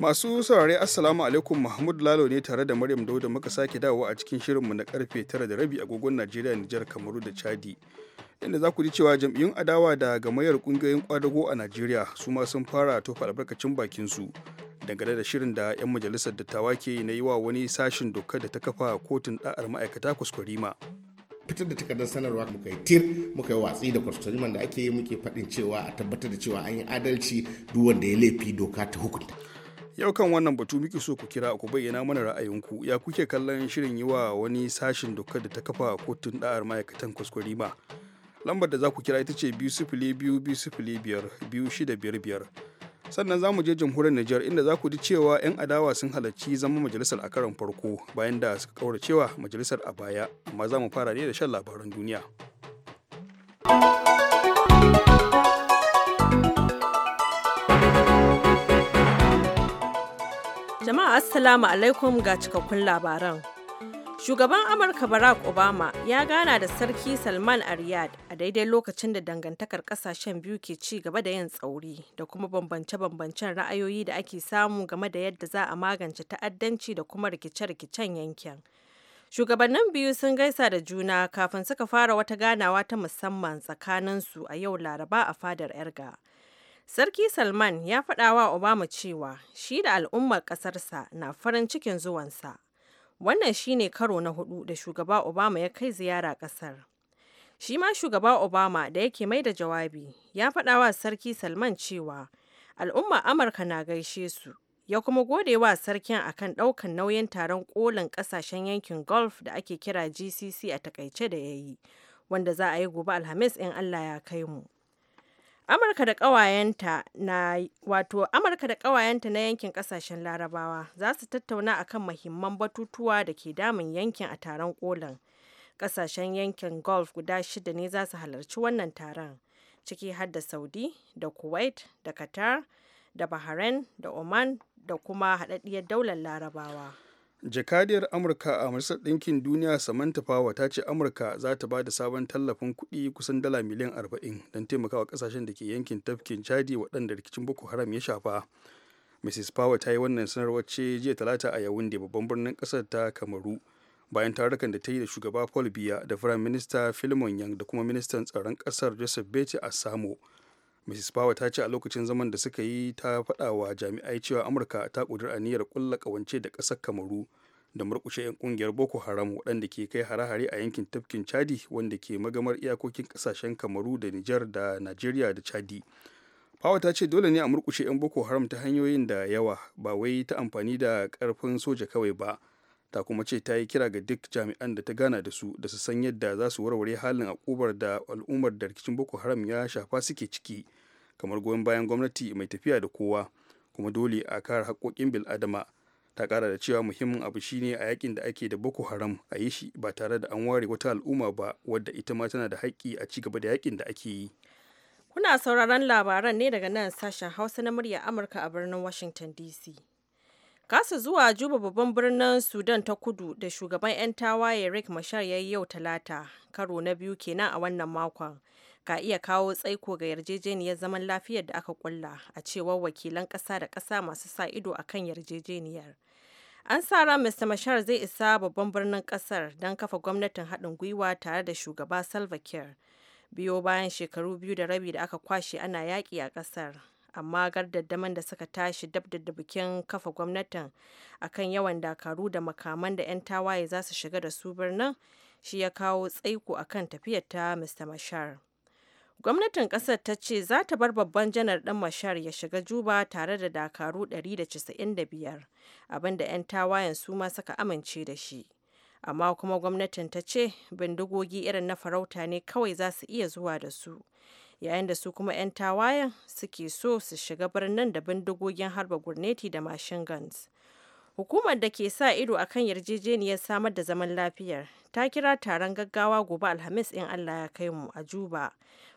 Masu saurare Assalamu alaikum Mahmud Lalo ne tare da Maryam Dauda muka sake dawowa a cikin shirinmu na karfe 9 da rabi agogon Najeriya, Nijar, Kamaru da Chadi. Inda za ku ji cewa jam'iyyun adawa da gamayyar kungiyoyin kwadago a Najeriya su ma sun fara tofa albarkacin bakin su dangane da shirin da 'yan majalisar dattawa ke na yi wa wani sashin doka da ta kafa kotun da'ar ma'aikata kuskurima. fitar da takardar sanarwa muka yi tir muka yi watsi da kwastoriman da ake yi muke faɗin cewa a tabbatar da cewa an yi adalci duk wanda ya laifi doka ta hukunta. Yau kan wannan batu muke so ku kira ku bayyana mana ra'ayinku ya kuke kallon shirin yi wa wani sashin dokar da ta kafa kotun da'ar ma'aikatan ma Lambar da za ku kira ita ce biyu sifili biyu biyu sifili biyar biyu shida biyar Sannan za mu je jamhuriyar Nijar inda za ku ji cewa 'yan adawa sun halarci zama majalisar a karon farko bayan da suka kaura cewa majalisar a baya amma za mu fara ne da shan labaran duniya. Jama'a Assalamu alaikum ga cikakkun labaran. Shugaban Amurka Barack Obama ya gana da Sarki Salman a a daidai lokacin da dangantakar kasashen biyu ke ci gaba da yin tsauri da kuma bambance-bambancen ra'ayoyi da ake samu game da yadda za a magance ta'addanci da kuma rikice-rikicen yankin. Shugabannin biyu sun gaisa da juna kafin suka fara wata ganawa ta musamman tsakaninsu a yau Laraba a fadar Erga. Sarki Salman ya faɗa wa Obama cewa shi da al'ummar ƙasarsa na farin cikin zuwansa. Wannan shi ne karo na hudu da shugaba Obama ya kai ziyara ƙasar. Shi ma shugaba Obama da yake mai da jawabi ya faɗa wa Sarki Salman cewa al'ummar Amurka na gaishe su ya kuma gode wa sarkin akan ɗaukan nauyin taron ƙolin ƙasashen yankin golf da ake kira GCC a takaice da ya yi, wanda za a yi gobe Alhamis in Allah ya kai mu. Amurka da ƙawayenta na wato Amurka da ƙawayenta na yankin ƙasashen Larabawa za su tattauna akan mahimman batutuwa da ke damun yankin a taron kolin. Ƙasashen yankin golf guda shida ne za su halarci wannan taron, ciki har da Saudi da Kuwait da Qatar da Bahrain da Oman da kuma haɗaɗɗiyar daular Larabawa. jakadiyar amurka a majalisar ɗinkin duniya samantha power ta ce amurka za ta ba da sabon tallafin kuɗi kusan dala miliyan 40 don taimakawa kasashen da ke yankin tafkin chadi waɗanda rikicin boko haram ya shafa mrs power ta yi wannan sanarwar ce jiya talata a yawun yawunde babban birnin ƙasar ta kamaru bayan tarukan da ta yi da shugaba paul biya da firayim minista filimon yang da kuma ministan tsaron ƙasar joseph beti a samo mrs power ta ce a lokacin zaman da suka yi ta faɗa wa jami'ai cewa amurka ta a niyyar ƙulla ƙawance da ƙasar kamaru da murƙushe 'yan ƙungiyar boko haram waɗanda ke kai hare-hare a yankin tafkin chadi wanda ke magamar iyakokin ƙasashen kamaru da nijar da najeriya da chadi power ta ce dole ne a murkushe 'yan Boko Haram ta hanyoyin da yawa ba wai ta amfani da ƙarfin soja kawai ba ta kuma ce ta yi kira ga duk jami'an da ta gana da su da su san yadda za su warware halin akubar da al'ummar da rikicin boko haram ya shafa suke ciki kamar goyon bayan gwamnati mai tafiya da kowa kuma dole a kare bil adama ta ƙara da cewa muhimmin abu shine a yakin da ake da boko haram a yi shi ba tare da an ware wata al'umma ba wadda ita ma tana da haƙƙi a ci gaba da yakin da ake yi kuna sauraron labaran ne daga nan sashen hausa na murya amurka a birnin washington dc Kasa zuwa Juba babban birnin Sudan ta kudu da shugaban 'yan tawaye Rick Mashar ya yau talata karo na biyu kenan a wannan makon. Ka iya kawo tsaiko ga yarjejeniyar zaman lafiyar da aka kulla a cewar wakilan ƙasa da ƙasa masu sa ido a kan yarjejeniyar. An sa ran Mr. Mashar zai isa babban birnin ƙasar don kafa gwamnatin haɗin gwiwa tare da shugaba Salva Kiir. Biyo bayan shekaru biyu da rabi da aka kwashe ana yaƙi a ƙasar. amma gardaddaman da suka tashi dab da bikin kafa gwamnatin akan yawan dakaru da makaman da 'yan tawaye za su shiga da su birnin shi ya kawo tsaiko akan tafiyar ta mr mashar gwamnatin kasar ta ce za ta bar babban janar ɗin mashar ya shiga juba tare da dakaru 195 abinda 'yan tawayen su ma suka amince da shi amma kuma gwamnatin ta ce bindigogi irin na farauta ne kawai za su iya zuwa da su yayin da su kuma 'yan tawayen suke so su shiga birnin da bindigogin harba gurneti da machine guns hukumar da ke sa ido a kan yarjejeniyar samar da zaman lafiyar ta kira taron gaggawa gobe alhamis in allah ya kai mu a juba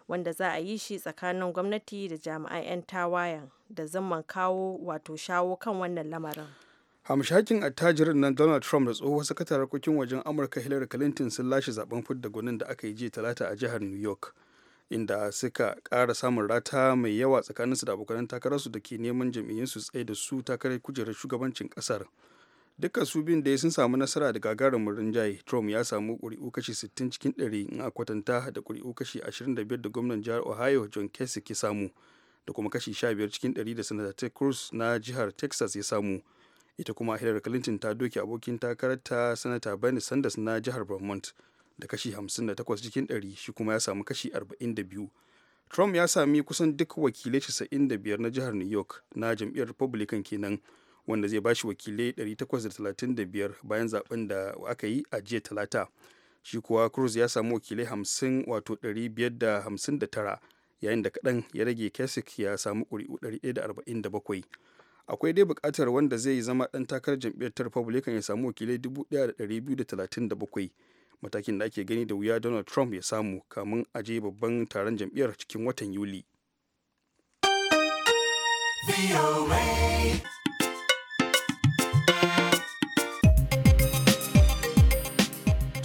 wanda za a yi shi tsakanin gwamnati da jami'an 'yan tawayen da zaman kawo wato shawo kan wannan lamarin hamshakin attajirin nan donald trump da tsohuwar sakatar harkokin wajen amurka hillary clinton sun lashe zaben fidda gwanin da aka yi jiya talata a jihar new york inda suka ƙara samun rata mai yawa tsakaninsu da abokan takararsu da ke neman su tsaye da su takarar kujerar shugabancin kasar. dukkan su biyun da sun samu nasara da gagarumin rinjaye trump ya samu ƙuri'u kashi 60 cikin 100 in a kwatanta da ƙuri'u kashi 25 da gwamnan jihar ohio john kasich ya samu da kuma kashi 15 cikin 100 da senator ted cruz na jihar texas ya samu ita kuma hillary clinton ta doke abokin takararta sanata bernie sanders na jihar vermont da kashi 58 cikin 100 shi kuma ya samu kashi 42 trump ya sami kusan duk wakilai 95 na jihar new york na jam'iyyar republican kenan wanda zai bashi wakilai 835 bayan zaben da aka yi a jiya talata shi kuwa cruz ya samu wakilai 50 wato 559 yayin da kaɗan ya rage kasich ya samu ƙuri'u 147 akwai dai buƙatar wanda zai zama ɗan takarar jam'iyyar ta republican ya samu wakilai 1237 matakin da ake gani da wuya donald trump ya samu kamun aje babban taron jam'iyyar cikin watan yuli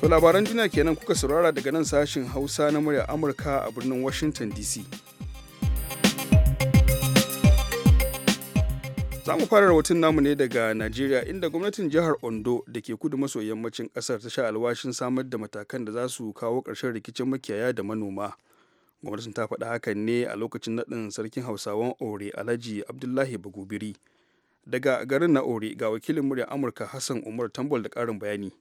To labaran duniya kenan kuka saurara daga nan sashin Hausa na murya Amurka a birnin Washington DC. za mu fara rahoton namu ne daga najeriya inda gwamnatin jihar ondo da ke kudu maso yammacin kasar ta sha alwashin samar da matakan da za su kawo ƙarshen rikicin makiyaya da manoma gwamnatin ta faɗa hakan ne a lokacin naɗin sarkin hausawan ore alhaji abdullahi bagubiri daga garin na ore ga wakilin muryar amurka hassan umar tambol da karin bayani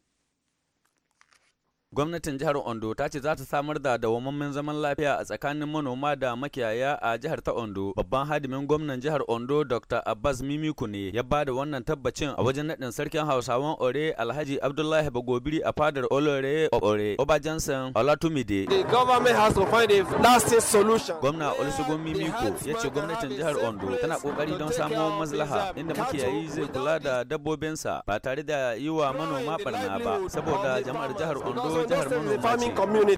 Gwamnatin jihar Ondo ta ce za ta samar da dawamammen zaman lafiya a tsakanin manoma da makiyaya a jihar ta Ondo. Babban hadimin gwamnan jihar Ondo Dr. Abbas Mimiku ne ya ba da wannan tabbacin a wajen naɗin sarkin Hausawan Ore Alhaji Abdullahi Bagobiri a fadar Olore Ore Oba Johnson Olatumide. The government has to Gwamna Olusegun Mimiku ya ce gwamnatin jihar Ondo tana kokari don samo maslaha inda makiyayi zai kula da dabbobinsa ba tare da yi wa manoma barna ba saboda jama'ar jihar Ondo is les familles communes.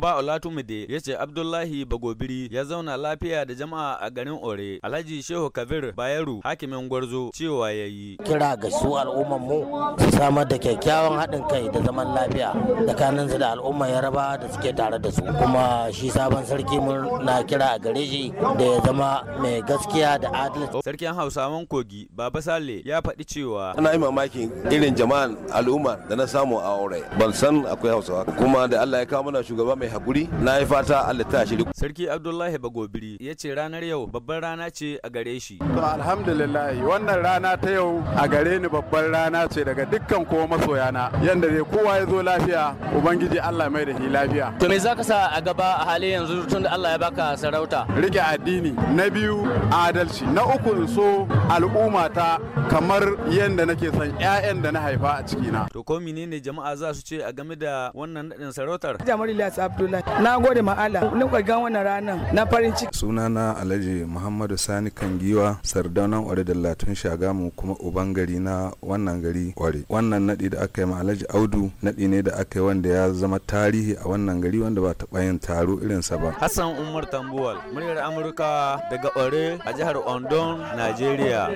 Ba Olatunde ya ce Abdullahi Bagobiri ya zauna lafiya da jama'a a garin Ore. Alhaji Shehu Kabir bayaru hakimin Gwarzo cewa ya yi. Kira ga su al'umman mu su samar da kyakkyawan haɗin kai da zaman lafiya tsakanin su da al'umma ya raba da suke tare da su. Kuma shi sabon sarki mun na kira a gare shi da ya zama mai gaskiya da adalci. Sarkin Hausawan Kogi Baba Sale ya faɗi cewa. Ana yi mamakin irin jama'an al'umma da na samu a Ore. Ban san akwai Hausawa kuma da Allah ya kawo mana shugaba mai hakuri na yi fata Allah ta shiri sarki Abdullahi Bagobiri ya ce ranar yau babban rana ce a gare shi to alhamdulillah wannan rana ta yau a gare ni babban rana ce daga dukkan kowa masoyana yanda dai kowa ya zo lafiya ubangiji Allah mai da shi lafiya to me zaka sa a gaba a halin yanzu tun da Allah ya baka sarauta rike addini na biyu adalci na uku so al'umma ta kamar yadda nake son 'ya'yan da na haifa a cikina to ko menene jama'a za su ce a game da wannan naɗin sarautar Jamhuri Ilyas Abdullahi. Na gode ma Allah, na kwargan wannan ranar na farin ciki. Sunana Alhaji Muhammadu Sani Kangiwa, sardaunan Ore da Latun Shagamu kuma uban gari na wannan gari ware Wannan nadi da aka yi ma Alhaji Audu nadi ne da aka yi wanda ya zama tarihi a wannan gari wanda ba taɓa yin taro irinsa ba. Hassan Umar Tambuwal, muryar Amurka daga Ore a jihar Ondo, Najeriya.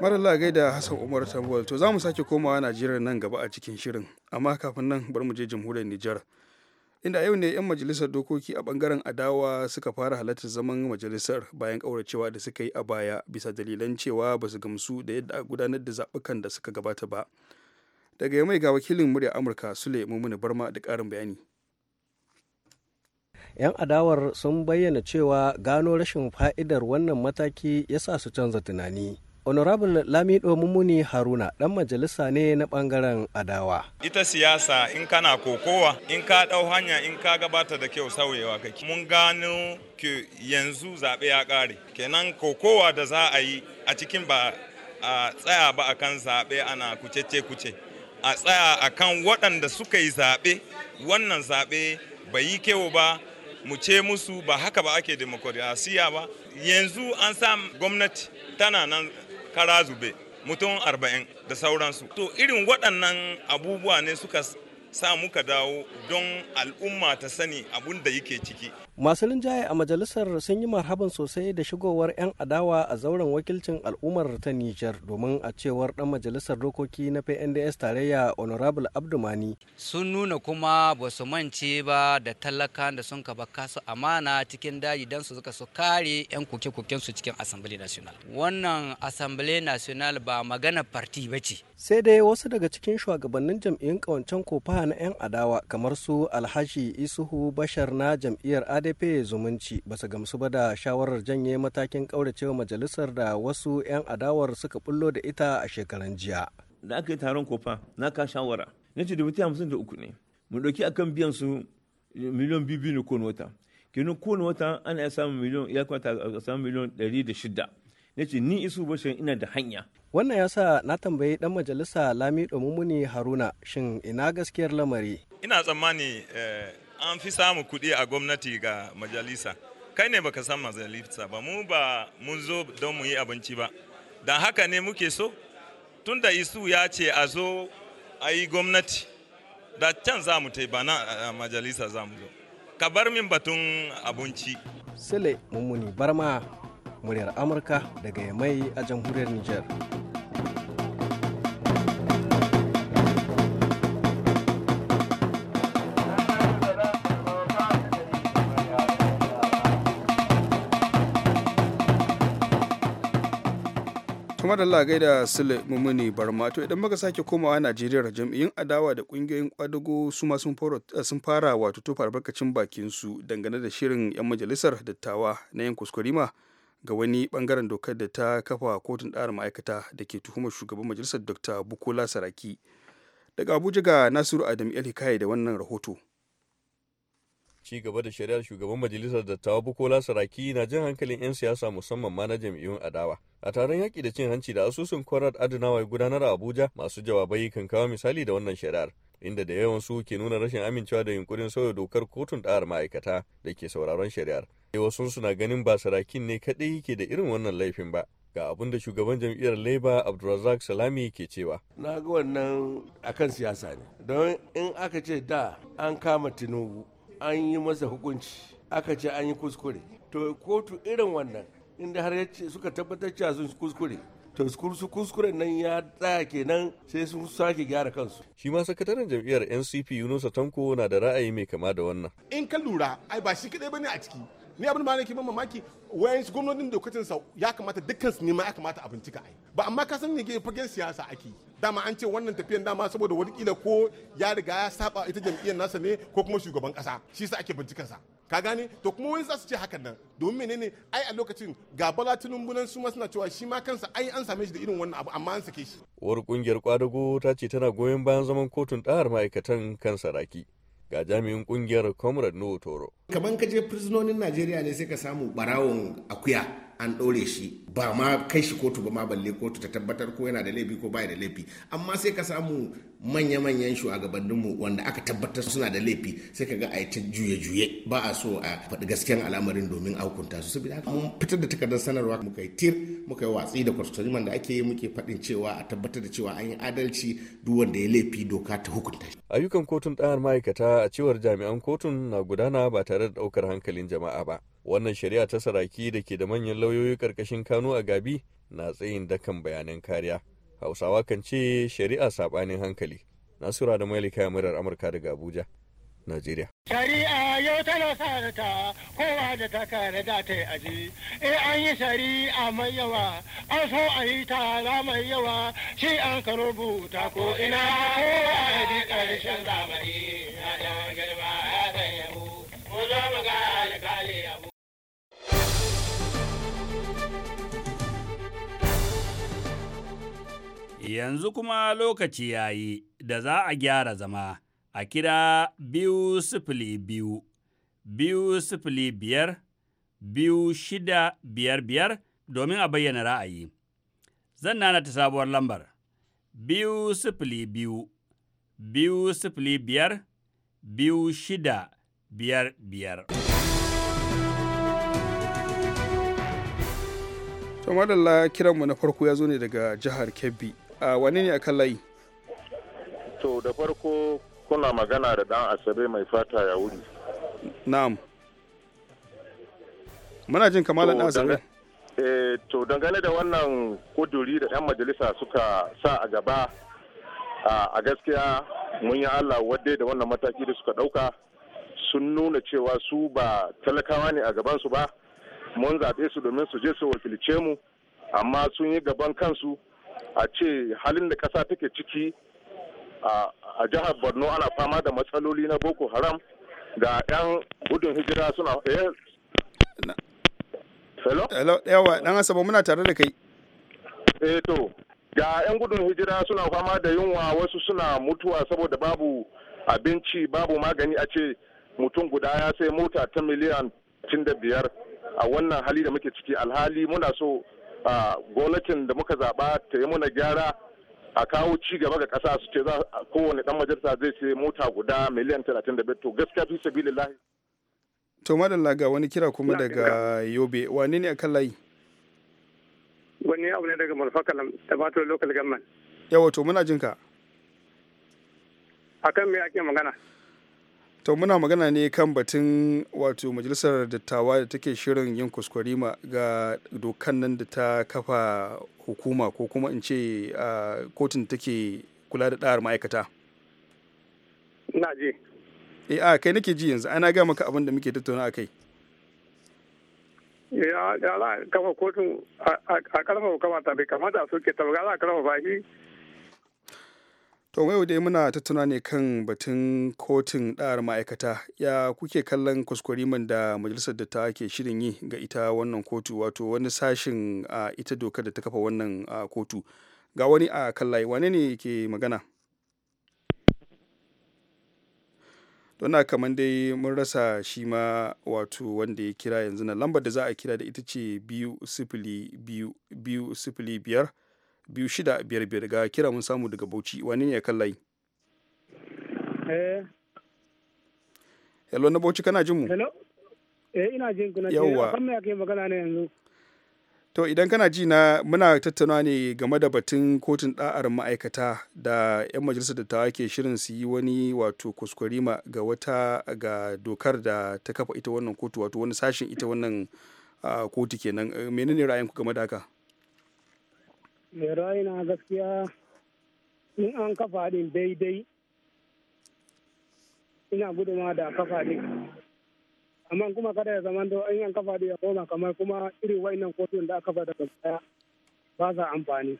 Marallah da Hassan Umar tambuwal To za mu sake komawa Najeriya nan gaba a cikin shirin. Amma kafin nan bar mu je jamhuriyar Nijar. Inda yau ne 'yan majalisar dokoki a bangaren adawa suka fara halartar zaman majalisar bayan kauracewa da suka yi a baya bisa dalilan cewa ba su gamsu da yadda a gudanar da zaɓukan da suka gabata ba. Daga yamai ga wakilin murya Amurka Sule Mumuni Barma da karin bayani. 'yan adawar sun bayyana cewa gano rashin fa'idar wannan mataki ya sa su canza tunani honorable lamido mummuni haruna dan majalisa ne na bangaren adawa ita siyasa in kana kokowa in ka dau hanya in ka gabata da kyau sauyewa kake mun gano ke yanzu zaɓe ya ƙare kenan kokowa da za a yi a cikin ba a tsaya ba akan zaɓe ana kucece kuce a tsaya akan waɗanda suka yi zaɓe wannan zaɓe bai yi kyau ba mu ce musu ba haka ba ake demokrasiya ba yanzu an sa gwamnati tana nan kara zube mutum arba'in da sauransu to irin waɗannan abubuwa ne suka sa muka dawo don al'umma ta sani abun da yake ciki masu linjaye a majalisar sun yi marhaban sosai da shigowar 'yan adawa a zauren wakilcin al'ummar ta nijar domin a cewar dan majalisar dokoki na pnds tarayya honorable abdumani sun nuna kuma ba su mance ba da talaka da sun kaba kasu amana cikin daji don su suka su kare 'yan kuke koken su cikin assembly national wannan assembly national ba magana farti ba ce sai dai wasu daga cikin shugabannin jam'iyyun kawancen kofa na 'yan adawa kamar su alhaji isuhu bashar na jam'iyyar ade pdp zumunci ba su gamsu ba da shawarar janye matakin kauracewa majalisar da wasu 'yan adawar suka bullo da ita a shekaran jiya da aka yi taron kofa na ka shawara na ce dubu hamsin da uku ne mu ɗauki akan biyan su miliyan biyu biyu ne kowane wata kenan kowane wata ana iya samun miliyon ya kwata a samun miliyon ɗari da shida na ce ni isu bashin ina da hanya wannan ya sa na tambayi dan majalisa lami domumuni haruna shin ina gaskiyar lamari ina tsammani eh, an fi samu kuɗi a gwamnati ga majalisa kai ne baka san majalisa ba mu ba mun zo don mu yi abinci ba don haka ne muke so tun da isu ya ce a zo a yi gwamnati da can za mu ta ba na majalisa za mu zo ka bar min batun abinci sile mummuni barma muryar amurka daga yamai a jamhuriyar nijar. kuma da Allah gaida Sule Mumuni Barma to idan muka sake komawa Najeriya da jam'iyyun adawa da kungiyoyin kwadugo su ma sun fara wato tofa albarkacin bakin su dangane da shirin yan majalisar dattawa na yan kuskurima ga wani bangaren dokar da ta kafa kotun ɗara ma'aikata da ke tuhumar shugaban majalisar Dr. Bukola Saraki daga Abuja ga Nasiru Adam El Hikaye da wannan rahoto ci gaba da shari'ar shugaban majalisar dattawa Bukola Saraki na jan hankalin 'yan siyasa musamman ma na jam'iyyun adawa A taron yaƙi da cin hanci da asusun adanawa ya gudanar a Abuja masu jawabai kan kawo misali da wannan shari'ar. inda da yawan su ke nuna rashin amincewa da yunkurin sauya dokar kotun ɗa'ar ma'aikata da ke sauraron shari'ar. Wasu suna ganin ba sarakin ne kaɗai ke da irin wannan laifin ba. Ga abin da shugaban jam'iyyar Labour Abdulrazak Salami ke cewa. Na ga wannan akan siyasa ne. Don in aka ce da an kama Tinubu an yi masa hukunci aka ce an yi kuskure. To kotu irin wannan inda har suka tabbatar cewa sun kuskure to su kuskure nan ya tsaya kenan sai sun sake gyara kansu shi ma sakataren jam'iyyar ncp yunusa tanko na da ra'ayi mai kama da wannan in ka lura ai ba shi kadai bane a ciki ni abin ba nake ban mamaki wayan su gwamnatin dokacin sa ya kamata dukkan su ma ya kamata a bincika ai ba amma ka san ne fagen siyasa ake dama an ce wannan tafiyan dama saboda wani kila ko ya riga ya saba ita jam'iyyar nasa ne ko kuma shugaban kasa shi sa ake bincikan sa ka gane to kuma wani za su ce hakan nan domin menene ai a lokacin ga bala tinubu su ma suna cewa shi ma kansa ai an same shi da irin wannan abu amma an sake shi uwar kungiyar kwadago ta ce tana goyon bayan zaman kotun ɗahar ma'aikatan kan saraki ga jami'in kungiyar comrade no toro kaman ka je prisonin najeriya ne sai ka samu barawon akuya an ɗore shi ba ma kai shi kotu ba ma balle kotu ta tabbatar ko yana da laifi ko baya da laifi amma sai ka samu manya-manyan shugabanninmu wanda aka tabbatar suna da laifi sai ka ga a ta juye-juye ba a so a faɗi gaskiyan al'amarin domin a hukunta su saboda haka mun fitar da takardar sanarwa muka yi tir muka yi watsi da kwastoriman da ake yi muke faɗin cewa a tabbatar da cewa an yi adalci duk wanda ya laifi doka ta hukunta shi. ayyukan kotun ɗayan ma'aikata a cewar jami'an kotun na gudana ba tare da ɗaukar hankalin jama'a ba wannan shari'a ta saraki da ke da manyan lauyoyi karkashin kano a gabi na tsayin dakan bayanan kariya hausawa kan ce shari'a saɓanin hankali nasura da likaya murar amurka daga abuja Najeriya. Shari'a yau tana sa ta kowa da ta kare da ta yi aji. e an yi shari'a mai yawa, an so a yi tara mai yawa, shi an ka rubuta ko ina kowa a yi ƙarshen zamani, ya girma ya mu, mu zo mu ga alƙali yabu Yanzu kuma lokaci ya yi da za a gyara zama a kira biyu sifili biyu, biyu sifili biyar, biyu shida biyar biyar domin a bayyana ra'ayi. Zan nana ta sabuwar lambar biyu sifili biyu, biyu sifili biyar, biyu shida biyar biyar. to kiranmu na farko ya zo ne daga jihar kebbi wani ne akan layi to da farko kuna magana da dan asabe mai fata ya wuri na'am muna jin kamalan dan asabe eh, to dangane da wannan kuduri da yan majalisa suka sa a gaba a gaskiya mun yi Allah wadde da wannan mataki da suka dauka sun nuna cewa su ba talakawa ne a gabansu ba mun zaɓe su domin su je su wakilce mu amma sun yi gaban kansu a ce halin da ƙasa take ciki a jihar borno ana fama da matsaloli na boko haram ga 'yan gudun hijira suna ga 'yan gudun hijira suna fama da yunwa wasu suna mutuwa saboda babu abinci babu magani a ce mutum guda ya sai mota ta miliyan 65 a wannan hali da muke ciki alhali muna so gwamnatin da muka zaɓa ta yi muna gyara a kawo ci gaba ga ƙasa su ce za kowane ɗan majalisa zai ce mota guda miliyan 35 to gaskiya fi sabilillahi to madalla ga wani kira kuma daga yobe wani ne akan layi wani abu ne daga da ta local government yawa to muna jinka akan me ake magana to muna magana ne kan batun wato majalisar dattawa da take shirin yin ma ga dokan nan da ta kafa hukuma ko kuma in ce kotun take kula da ɗa'ar ma'aikata na je. e eh, a kai nake ji yanzu ana gama maka abin da muke tattauna a kai ya ala la kafa kotun a karfafa kamata bai kamata a soke tabbata ba za a karfafa shi to yau dai muna tattauna ne kan batun kotun ɗar ma'aikata ya kuke kallon kuskuriman da majalisar da ta ke shirin yi ga ita wannan kotu wato wani sashin a ita dokar da ta kafa wannan kotu ga wani a kallaye wane ne ke magana don kamar dai mun rasa shi ma wato wanda ya kira yanzu na lambar da za a kira da ita ce biyu biyu sifili biyar biyu shida biyar biyar ga kira mun samu daga bauchi wani ne ya kan layi eh. hello na bauchi kana jin mu hello eh ina jin na yawa kan me ake magana ne yanzu to idan kana ji na muna tattauna ne game da batun kotun da'ar ma'aikata da 'yan majalisar da tawa ke shirin su yi wani wato kuskurima ga wata ga dokar da ta kafa ita wannan kotu wato wani sashin ita wannan ah, kotu kenan eh, menene ra'ayinku game da haka mai na gaskiya in an kafa din daidai ina guduma da kafa din amma kuma kada ya zama in an kafa din ya koma kamar kuma irin wa'annan kotun da aka daga baya ba sa amfani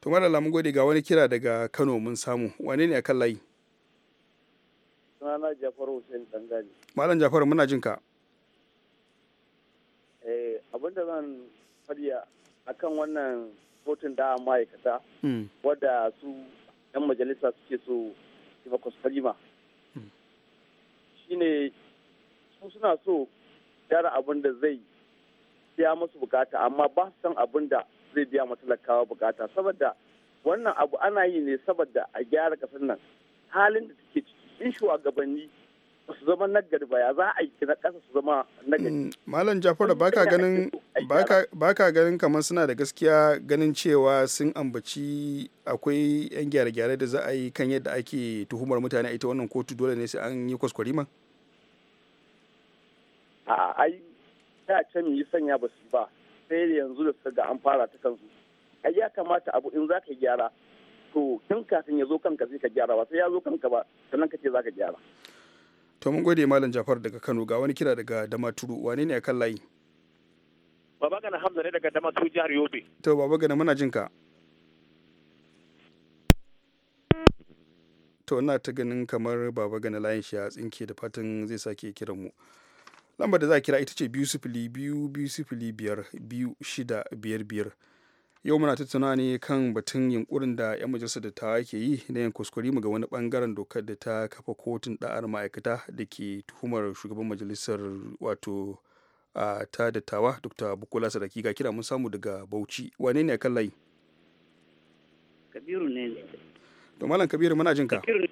to madalla mun gode ga wani kira daga Kano mun samu wane ne akan layi sunana jafar Hussein Dangane Malam jafar muna jin ka eh abinda zan fadiya akan wannan kotun da ma'aikata hmm. wadda su 'yan majalisa suke so su bakwas kalima hmm. shine su suna so gyara abin da zai biya masu bukata amma ba su san abin da zai biya masu lakawa bukata saboda wannan abu ana yi ne saboda a gyara kasar nan halin da take ciki in shugabanni su zama nagari ba ya za a yi na kasa su zama nagari. Hmm. Malam Jafara baka ganin ba ka ganin kamar suna da gaskiya ganin cewa sun ambaci akwai 'yan gyare-gyare da za a yi kan yadda ake tuhumar mutane a ita wannan kotu dole ne sai an yi ma? a ai ce can yi sanya ba su ba sai da yanzu da su ga an fara ta kansu ai ya kamata abu in za ka gyara to tun kafin ya zo kanka sai ka gyara ba sai ya zo kanka ba sannan ka ce za ka gyara to mun gode malam jafar daga kano ga wani kira daga damaturu wane ne a kan layi Baba Gana Hamza ne daga damar jihar Yobe. To Baba Gana muna jin ka. To ina ta ganin kamar Baba Gana layin shi a tsinke da fatan zai sake kiran mu. Lambar da za a kira ita ce biyu sifili biyu biyu sifili biyar biyu shida biyar biyar. Yau muna tattauna ne kan batun yunkurin da 'yan majalisar da ta ke yi na yin kuskure mu ga wani bangaren dokar da ta kafa kotun da'ar ma'aikata da ke tuhumar shugaban majalisar wato a ta dattawa dr bukola sadaki ga kira mun samu daga bauchi wane ne kan layi kabiru ne to malam kabiru muna jin ka ne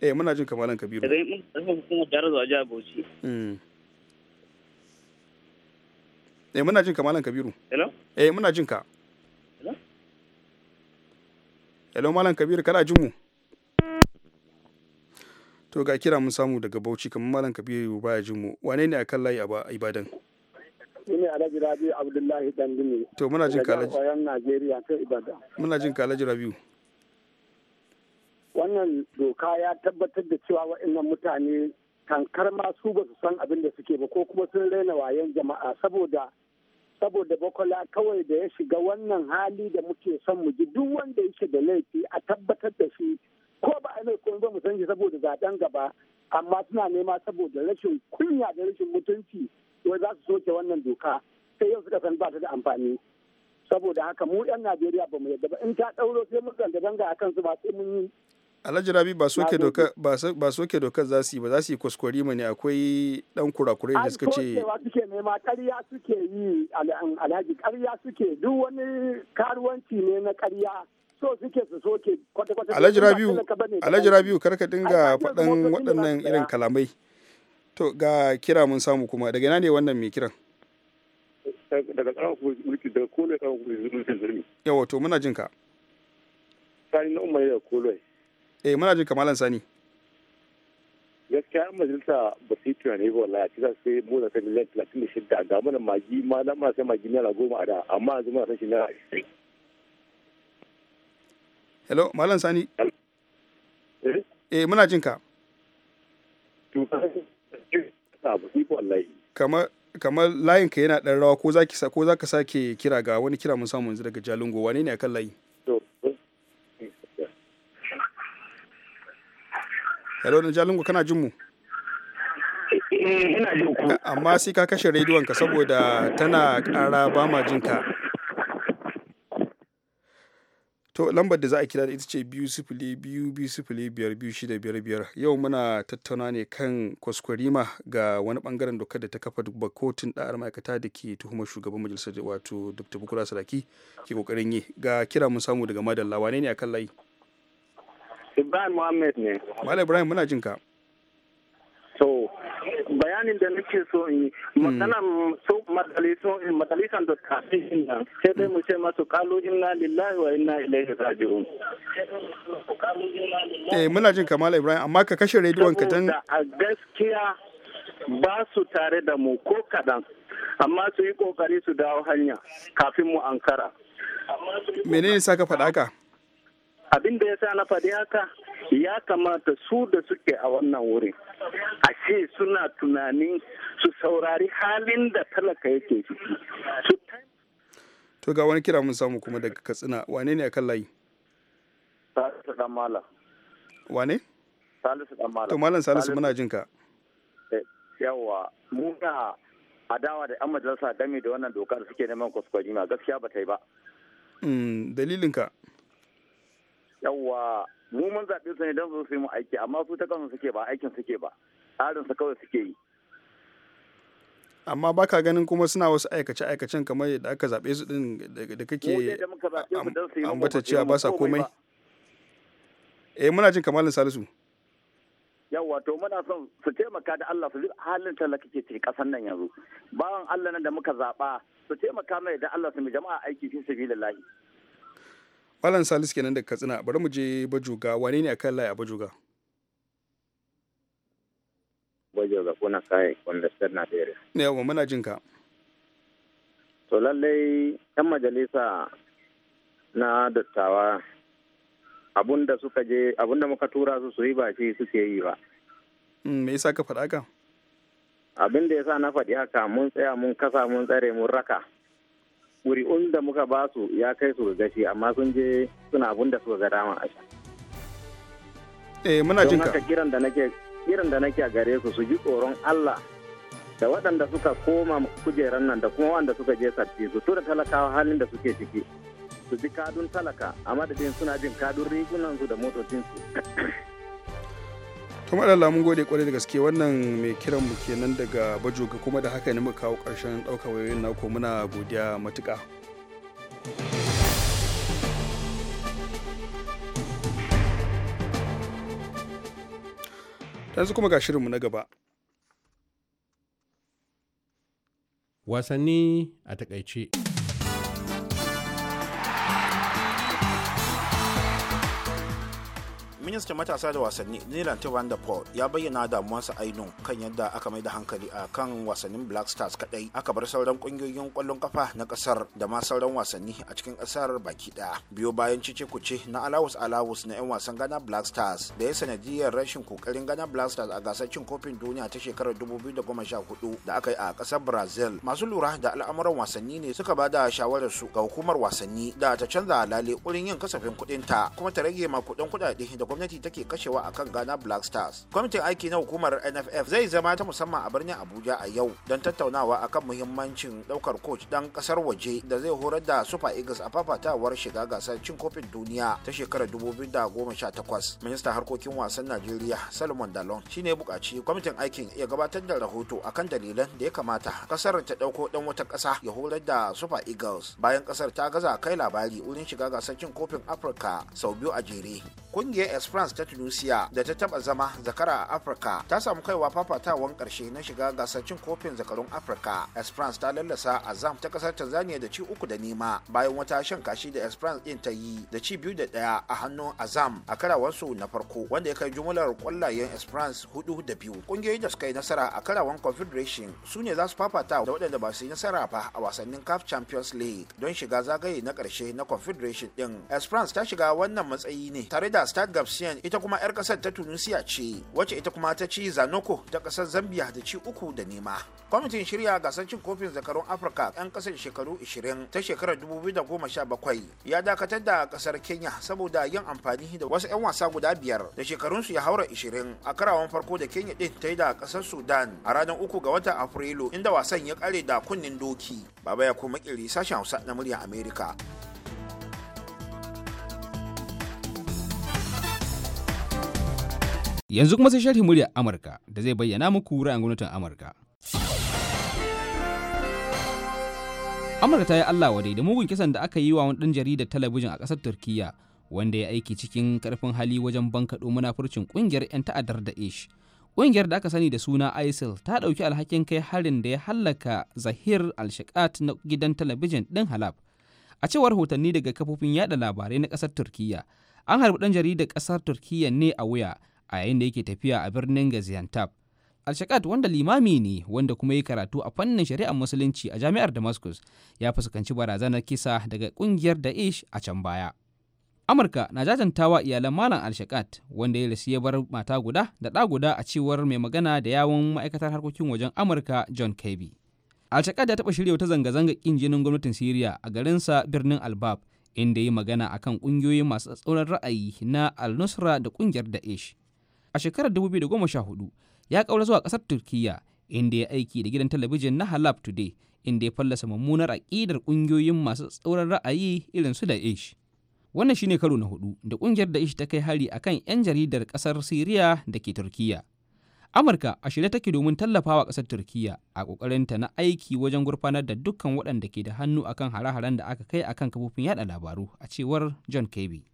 eh muna jin ka malam kabiru daga mun hukumar jihar hmm. eh muna jin ka malam kabiru hello eh muna jin ka hello malam kabiru kana jin mu to ga kira mun samu daga bauchi kamar malam kabiru baya jin mu wane ne a kan layi a ibadan ne alhaji rabi abdullahi dandini to muna jin kalaji koyon najeriya ta ibadan muna jin kalaji rabiu wannan doka ya tabbatar da cewa waɗannan mutane kankar ma su ba su san abin da suke ba ko kuma sun raina wayan jama'a saboda saboda bakwala kawai da ya shiga wannan hali da muke son mu ji duk wanda yake da laifi a tabbatar da shi ko ba a mai kun zo mu san shi saboda zaben gaba amma suna nema saboda rashin kunya da rashin mutunci wai za su soke wannan doka sai yau suka san ba ta da amfani saboda haka mu yan Najeriya ba mu yadda ba in ta ɗauro sai mun zanga zanga akan su ba sai mun yi Alhaji Rabi ba soke dokar ba soke doka za su yi ba za su yi kuskure mu ne akwai dan kurakurai da suka ce an suke nema ƙarya suke yi alhaji ƙarya suke duk wani karuwanci ne na ƙarya so suke su soke kwata-kwata. Alhaji Rabiu kar dinga faɗan waɗannan irin kalamai. To ga kira mun samu kuma daga ina ne wannan mai kiran? Daga mulki daga kolo Yawa to muna jin ka. Sani na umar yau kolo. Eh muna jin ka malam Sani. Gaskiya an majalisa ba su yi tunani ba wallahi ci za su sai mona ta miliyan talatin da shidda ga mana magi ma na ma sai magi na goma a da amma yanzu muna san shi na hello malam sani eh? eh muna jin ka kamar kamar layin ka yana dan rawa ko zaki ko zaka sake kira ga wani kira mun samu yanzu daga Jalingo wane ne akan layi Hello na Jalingo kana jin mu eh, amma sai ka kashe rediyon ka saboda tana kara ba ma jin ka to lambar da za a kira da ita ce biyu sifili biyu biyu sifili biyar biyu shida biyar biyar yau muna tattauna ne kan kwaskwarima ga wani bangaren dokar da ta kafa kotun ɗa'ar ma'aikata da ke tuhumar shugaban majalisar wato dr bukura sadaki ke kokarin yi ga kira mun samu daga madalla wane ne akan layi ibrahim muhammed ne malam ibrahim muna jin ka to bayanin da nake so in yi magana so majalisan da fi kafin nan sai dai mu ce masu kalu inna lillahi wa inna ilaihi raji'un eh muna jin kamala ibrahim amma ka kashe rediyon ka dan a gaskiya ba su tare da mu ko kadan amma su yi kokari su dawo hanya kafin mu ankara menene sa ka faɗa ka abin da ya sa na faɗi haka ya kamata su da suke a wannan wurin ce suna tunanin su saurari halin da talaka yake ciki su to ga wani kira mun samu kuma daga katsina wane ne a kan layi salisu dan malam wane salisu dan malam to malam salisu muna jin ka eh, yawa muna adawa da yan majalisa game da wannan doka da suke neman kuskure ma gaskiya ba ta yi ba mm, dalilinka yawa mu mun zaɓe su ne don su yi mu aiki amma su ta kansu suke ba aikin suke ba tsarin su kawai suke yi amma baka ganin kuma suna wasu aikace aikacen kamar yadda aka zaɓe su din da kake ambata cewa ba sa komai eh muna jin kamalin salisu yawwa to muna son su taimaka da Allah su duk halin talla kake ce kasan nan yanzu bawan Allah nan da muka zaɓa su taimaka mai da Allah su mu jama'a aiki fi sabilillahi Malam Salisu kenan da Katsina bari mu je Bajoga wane ne akan layi a Bajoga? Bajoga kuna kai wanda na dare. Ne yawa muna jin ka. To lallai yan majalisa na dattawa abunda suka je abunda muka tura su su yi ba shi suke yi ba. Mm, me yasa ka faɗa ka? Abin da yasa na faɗi haka mun tsaya mun kasa mun tsare mun raka. kuri'un da muka ba su ya kai su ga gashi amma sun je suna abun da suka ga dama a eh muna jinka kiran da nake kiran da nake a gare su su ji tsoron Allah da waɗanda suka koma kujeran nan da kuma waɗanda suka je sarki su tura talakawa halin da suke ciki su ji kadun talaka a madadin suna jin kadun rigunan su da motocinsu kuma da mun gode kwarai da gaske wannan mai kiran mu kenan daga bajoga kuma da haka ne muka kawo karshen ɗaukar wayoyin naku muna godiya matuƙa. yanzu kuma ga shirinmu na gaba. Wasanni a takaice. ministan matasa da wasanni nilan van der paul ya bayyana damuwarsa ainihin kan yadda aka mai da hankali a kan wasannin black stars kadai aka bar sauran kungiyoyin kwallon kafa na kasar da ma sauran wasanni a cikin kasar baki daya biyo bayan cice kuce na alawus alawus na yan wasan ghana black stars da ya sanadiyar rashin kokarin ghana black stars a gasar cin kofin duniya ta shekarar 2014 da da aka yi a kasar brazil masu lura da al'amuran wasanni ne suka ba da shawarar su ga hukumar wasanni da ta canza lale wurin yin kasafin kuɗinta kuma ta rage ma kuɗin kuɗaɗe da gwamnati gwamnati take kashewa akan Ghana Black Stars. Kwamitin aiki na hukumar NFF zai zama ta musamman a birnin Abuja a yau don tattaunawa akan muhimmancin daukar coach dan kasar waje da zai horar da Super Eagles a fafatawar shiga gasar cin kofin duniya ta shekarar 2018. Ministan harkokin wasan Najeriya Solomon Dalon shine bukaci kwamitin aikin ya gabatar da rahoto akan dalilan da ya kamata kasar ta dauko dan wata kasa ya horar da Super Eagles bayan kasar ta gaza kai labari wurin shiga gasar cin kofin Afirka sau biyu a jere. kungiyar esperance ta tunisia da ta taba zama zakara a afirka ta samu kaiwa fafatawan karshe na shiga gasar cin kofin zakarun afirka esperance ta lallasa azam ta kasar tanzania da ci uku da nema bayan wata shan kashi da esperance din ta yi da ci biyu da daya a hannun azam a karawansu na farko wanda ya kai jumlar kwallayen esperance hudu da biyu kungiyoyi da suka yi nasara a karawan confederation su ne za su fafata da waɗanda ba su yi nasara ba a wasannin caf champions league don shiga zagaye na karshe na confederation din esperance ta shiga wannan matsayi ne tare da da ta ita kuma 'yar ƙasar ta tunisia ce wacce ita kuma ta ci zanoko ta ƙasar zambia da ci uku da nema kwamitin shirya gasar cin kofin zakarun afirka 'yan kasar shekaru 20 ta shekarar 2017 ya dakatar da ƙasar kenya saboda yin amfani da wasu 'yan wasa guda biyar da shekarunsu ya haura 20 a karawan farko da kenya ɗin ta yi da kasar sudan a ranar uku ga watan afrilu inda wasan ya kare da kunnen doki baba ya kuma ƙiri sashen hausa na murya america Yanzu kuma sai sharhi muryar Amurka da zai bayyana muku ra'ayin gwamnatin Amurka. Amurka ta yi Allah wadai da mugun kisan da aka yi wa wani ɗan jaridar talabijin a ƙasar Turkiyya wanda ya aiki cikin ƙarfin hali wajen bankaɗo munafurcin ƙungiyar 'yan ta'addar da ish. Ƙungiyar da aka sani da suna ISIL ta ɗauki alhakin kai harin da ya hallaka Zahir al na gidan talabijin ɗin Halab. A cewar rahotanni daga kafofin yaɗa labarai na ƙasar Turkiyya, an harbi ɗan jaridar ƙasar Turkiyya ne a wuya a yayin da yake tafiya a birnin Gaziantep. Al-Shakat wanda limami ne wanda kuma yi karatu a fannin shari'ar musulunci a jami'ar Damascus ya fuskanci barazanar kisa daga kungiyar Daesh a can baya. Amurka na jajantawa iyalan Malam Al-Shakat wanda ya rasu ya bar mata guda da ɗa guda a cewar mai magana da yawon ma'aikatar harkokin wajen Amurka John Kirby. Al-Shakat ya taɓa shirya wata zanga-zanga ƙin jinin gwamnatin Siriya a garinsa birnin Albab inda ya magana akan ƙungiyoyin masu tsatsauran ra'ayi na Al-Nusra da ƙungiyar Daesh. a shekarar 2014 ya kaura zuwa kasar turkiyya inda ya aiki da gidan talabijin na halab today inda ya fallasa mummunar aƙidar ƙungiyoyin masu tsauran ra'ayi irin su da'ish wannan shine karo na hudu da ƙungiyar da'ish ta kai hari akan 'yan jaridar ƙasar siriya da ke turkiyya amurka a shirye take domin tallafawa ƙasar turkiyya a ƙoƙarinta na aiki wajen gurfanar da dukkan waɗanda ke da hannu akan hare-haren da aka kai akan kafofin yada labaru a cewar john kirby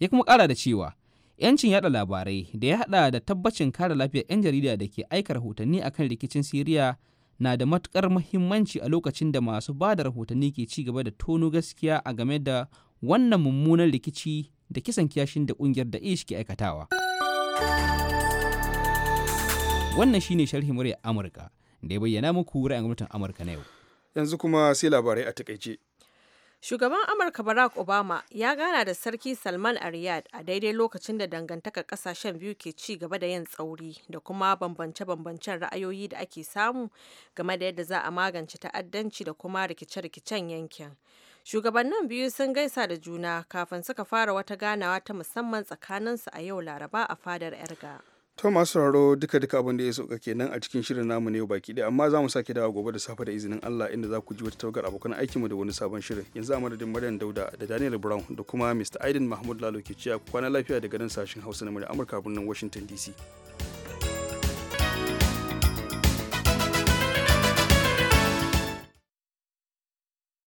ya kuma kara da cewa yancin yada labarai da ya hada da tabbacin kare lafiyar 'yan jarida da ke aika rahotanni akan rikicin siriya na da matukar muhimmanci a lokacin da masu ba da rahotanni ke ci gaba da tono gaskiya a game da wannan mummunan rikici da kisan kiyashin da kungiyar da ish ke aikatawa wannan shine sharhi murya amurka da ya bayyana muku ra'ayin gwamnatin amurka na yau yanzu kuma sai labarai a takaice Shugaban Amurka Barack Obama ya gana da Sarki Salman a a daidai lokacin da dangantaka kasashen biyu ke ci gaba da yin tsauri da kuma bambance-bambancen ra'ayoyi da ake samu game da yadda za a magance ta'addanci da kuma rikice-rikicen yankin. Shugabannin biyu sun gaisa da juna kafin suka fara wata ganawa ta musamman tsakaninsu a yau Laraba a fadar Erga. To masu sauraro duka duka abin da ya sauka kenan a cikin shirin namu ne baki ɗaya amma za mu sake dawo gobe da safe da izinin Allah inda za ku ji wata tawagar abokan aikinmu da wani sabon shirin yanzu a madadin Maryam Dauda da Daniel Brown da kuma Mr. Aidin Mahmud Lalo ke ciya kwana lafiya daga nan sashen Hausa na Amurka birnin Washington DC.